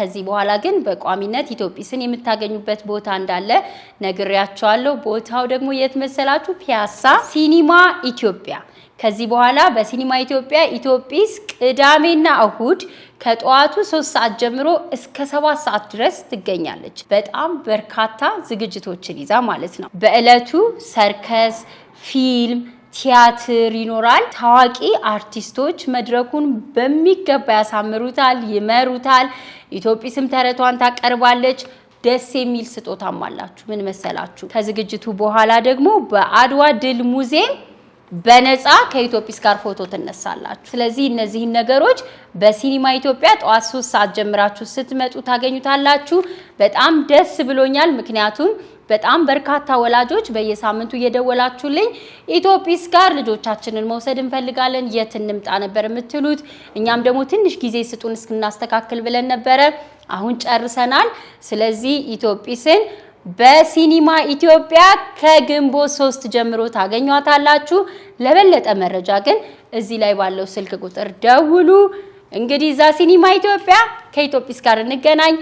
ከዚህ በኋላ ግን በቋሚነት ኢትዮጲስን የምታገኙበት ቦታ እንዳለ ነግሬያቸዋለሁ። ቦታው ደግሞ የት መሰላችሁ? ፒያሳ ሲኒማ ኢትዮጵያ። ከዚህ በኋላ በሲኒማ ኢትዮጵያ ኢትዮጲስ ቅዳሜና እሁድ ከጠዋቱ ሶስት ሰዓት ጀምሮ እስከ ሰባት ሰዓት ድረስ ትገኛለች። በጣም በርካታ ዝግጅቶችን ይዛ ማለት ነው። በዕለቱ ሰርከስ ፊልም ቲያትር ይኖራል። ታዋቂ አርቲስቶች መድረኩን በሚገባ ያሳምሩታል፣ ይመሩታል። ኢትዮጲስም ተረቷን ታቀርባለች። ደስ የሚል ስጦታም አላችሁ። ምን መሰላችሁ? ከዝግጅቱ በኋላ ደግሞ በአድዋ ድል ሙዚየም በነፃ ከኢትዮጲስ ጋር ፎቶ ትነሳላችሁ። ስለዚህ እነዚህን ነገሮች በሲኒማ ኢትዮጵያ ጠዋት ሶስት ሰዓት ጀምራችሁ ስትመጡ ታገኙታላችሁ። በጣም ደስ ብሎኛል። ምክንያቱም በጣም በርካታ ወላጆች በየሳምንቱ እየደወላችሁልኝ ኢትዮጲስ ጋር ልጆቻችንን መውሰድ እንፈልጋለን፣ የት እንምጣ ነበር የምትሉት። እኛም ደግሞ ትንሽ ጊዜ ስጡን እስክናስተካክል ብለን ነበረ። አሁን ጨርሰናል። ስለዚህ ኢትዮጲስን በሲኒማ ኢትዮጵያ ከግንቦት ሶስት ጀምሮ ታገኟታላችሁ። ለበለጠ መረጃ ግን እዚህ ላይ ባለው ስልክ ቁጥር ደውሉ። እንግዲህ እዛ ሲኒማ ኢትዮጵያ ከኢትዮጲስ ጋር እንገናኝ።